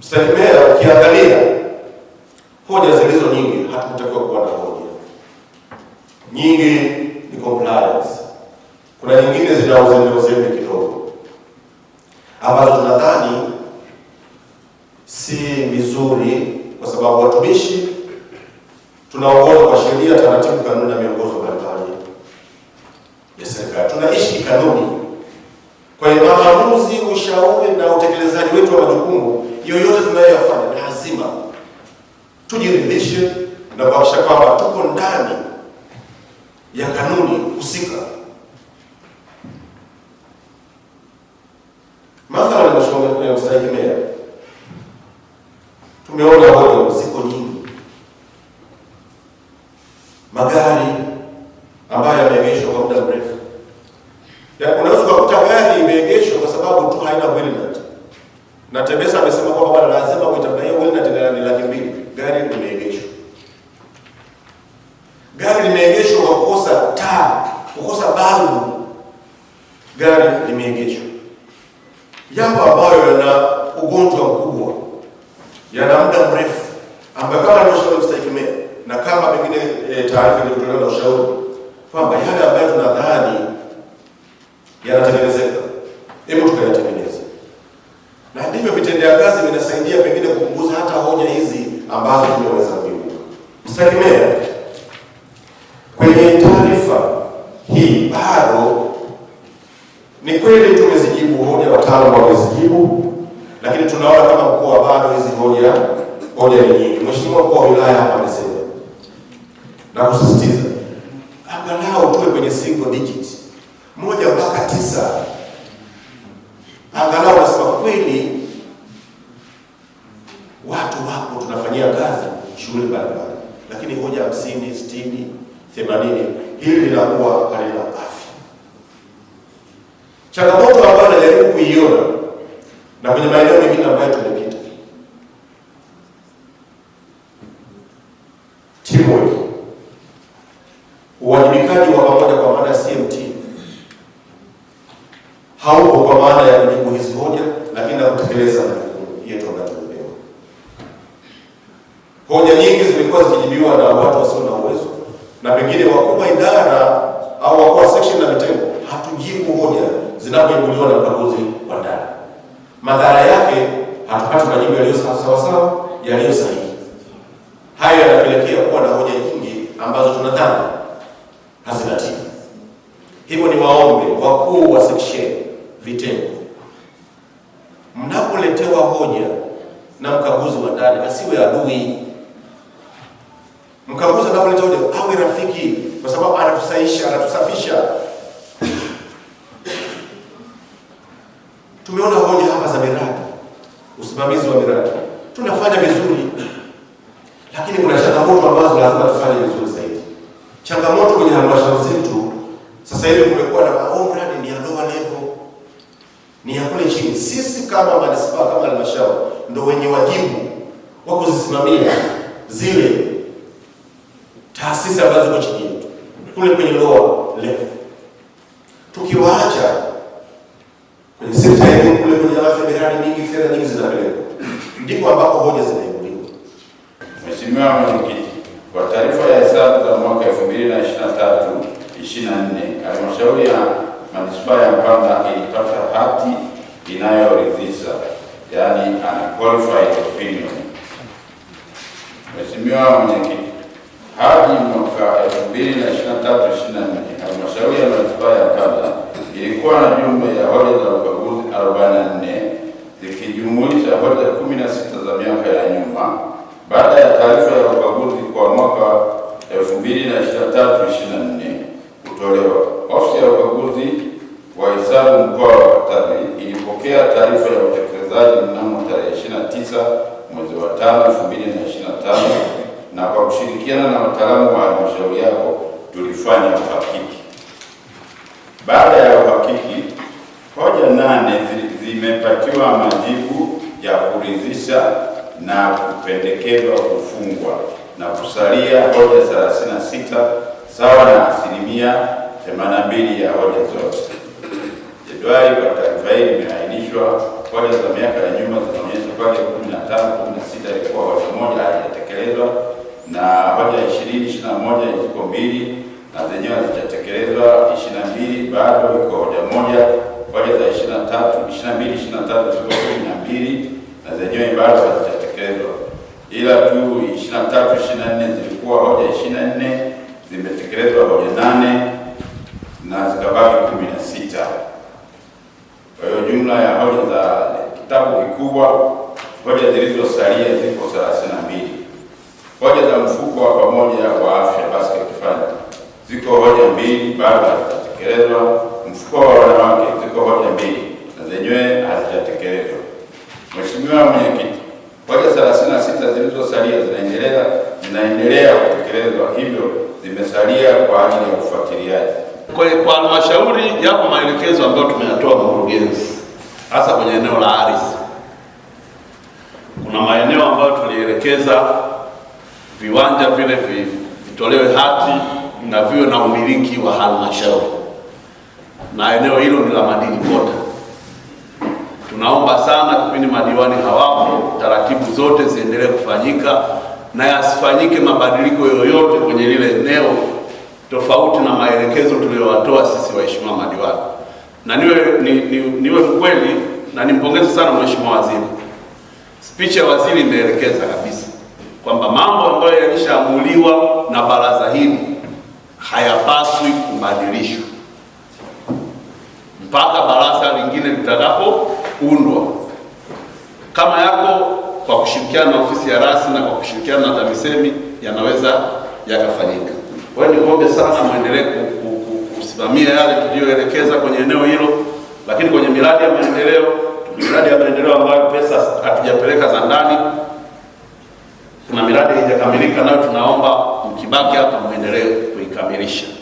Mstakimela ukiangalia hoja zilizo nyingi, hatukutakiwa kuwa na hoja nyingi, ni compliance. Kuna nyingine zina uzembe uzembe kidogo, ambazo tunadhani si vizuri, kwa sababu watumishi tunaongoza kwa sheria, taratibu, kanuni na miongozo mbalimbali ya serikali. Tunaishi kanuni kwa maamuzi, ushauri na utekelezaji wetu wa majukumu yoyote tunayoyafanya lazima tujiridhishe na kuhakikisha kwamba tuko ndani ya kanuni husika. Mathalan, Mheshimiwa Mstahiki Meya, tumeona hoja ziko nyingi, magari ambayo yameegeshwa kwa muda mrefu, unaweza kukuta gari imeegeshwa kwa sababu tu haina helmet na Tembesa amesema kwamba bwana, lazima uitamna hiyo wili na ni laki mbili. Gari limeegeshwa, gari limeegeshwa kwa kukosa taa, kukosa balbu, gari limeegeshwa, jambo ambayo yana ugonjwa mkubwa, yana muda mrefu, ambayo kama alivyoshauri na kama pengine eh, taarifa ilivyotolewa na ushauri kwamba yale ambayo tunadhani yanatengenezeka, hebu tukayatengeneza Usitegemea kwenye taarifa hii bado ni kweli tumezijibu hoja, wataalamu wamezijibu, lakini tunaona kama mkoa bado hizi hoja hoja ni nyingi. Mheshimiwa mkuu wa wilaya hapa amesema na kusisitiza angalau tuwe kwenye single digit moja mpaka tisa, angalau nasema kweli watu wapo, tunafanyia kazi shughuli mbalimbali lakini hoja hamsini, sitini, themanini, hili linakuwa halina afya. Changamoto ambayo najaribu kuiona na kwenye maeneo mengine ambayo tumepita, teamwork, uwajibikaji wa pamoja kwa maana ya CMT hauko kwa maana ya kujibu hizi hoja, lakini na kutekeleza Hoja nyingi zimekuwa zikijibiwa na watu wasio na uwezo na pengine wakuu wa idara au wakuu wa section na vitengo, hatujibu hoja zinapoibuliwa na mkaguzi wa ndani. Madhara yake hatupati majibu yaliyo sawasawa, yaliyo sahihi. Hayo yanapelekea kuwa na hoja nyingi ambazo tunadhani hazina tija. Hivyo ni waombe wakuu wa section, vitengo, mnapoletewa hoja na mkaguzi wa ndani asiwe adui Mkaguzi anapoletea awe rafiki, kwa sababu anatusaisha, anatusafisha. Tumeona hoja hapa za miradi, usimamizi wa miradi tunafanya vizuri, lakini kuna changamoto ambazo lazima tufanye vizuri. taasisi ambazo ziko chini yetu kule kwenye lower level, tukiwaacha kwenye sekta elimu kule kwenye afya, miradi mingi, fedha nyingi zinapelekwa, ndipo ambapo hoja zinaibuliwa. Mheshimiwa Mwenyekiti, kwa taarifa ya hesabu za mwaka 2023 24 halmashauri ya manispaa ya Mpanda ilipata hati inayoridhisha yani, an qualified opinion. Mheshimiwa Mwenyekiti hadi mwaka na nne halmashauri ya manispaa ya Kata ilikuwa na jumla ya hoja za ukaguzi 44 zikijumuisha hoja sita za miaka ya nyuma. Baada ya taarifa ya ukaguzi kwa mwaka na nne kutolewa, ofisi ya ukaguzi wa hesabu mkoa wa Katavi ilipokea taarifa ya utekelezaji mnamo tarehe tisa mwezi wa mbili amepatiwa majibu ya kuridhisha na kupendekezwa kufungwa na kusalia hoja 36 sawa na asilimia 82 ya hoja zote. Jedwali kwa taarifa hii limeainishwa, hoja za miaka ya nyuma zinaonyesha pale 15, 16 ilikuwa hoja moja haijatekelezwa na hoja 20, 21 ziko mbili na zenyewe hazijatekelezwa, 22 bado iko hoja moja kawaida za 23, 22, 23 zilikuwa kumi na mbili na zenyewe bado hazijatekelezwa, ila tu 23, 24 zilikuwa hoja 24 zimetekelezwa hoja nane na zikabaki kumi na sita. Kwa hiyo jumla ya hoja za kitabu kikubwa hoja zilizosalia ziko 32. Hoja za mfuko wa pamoja wa afya basket fund ziko hoja mbili bado hazijatekelezwa. mfuko wa hoja mbili na zenyewe hazijatekelezwa. Mheshimiwa Mwenyekiti, hoja thelathini na sita zilizosalia zinaendelea zinaendelea kutekelezwa, hivyo zimesalia kwa ajili ya ufuatiliaji. Kwa halmashauri yapo maelekezo ambayo tumeyatoa mkurugenzi, hasa kwenye eneo la ardhi, kuna maeneo ambayo tulielekeza viwanja vile vitolewe hati na viwe na umiliki wa halmashauri na eneo hilo ni la madini kota. Tunaomba sana kipindi madiwani hawapo, taratibu zote ziendelee kufanyika na yasifanyike mabadiliko yoyote kwenye lile eneo tofauti na maelekezo tuliyowatoa sisi waheshimiwa madiwani. Na niwe ni, ni, niwe mkweli na nimpongeze sana mheshimiwa waziri. Spichi ya waziri imeelekeza kabisa kwamba mambo ambayo yalishaamuliwa na baraza hili hayapaswi kubadilishwa mpaka baraza lingine litakapoundwa. Kama yako kwa kushirikiana na ofisi ya rasi na kwa kushirikiana na TAMISEMI yanaweza yakafanyika. Kwa hiyo niombe sana mwendelee kusimamia yale tuliyoelekeza kwenye eneo hilo, lakini kwenye miradi ya maendeleo, miradi ya maendeleo ambayo pesa hatujapeleka za ndani, kuna miradi haijakamilika nayo tunaomba mkibaki hapa mwendelee kuikamilisha.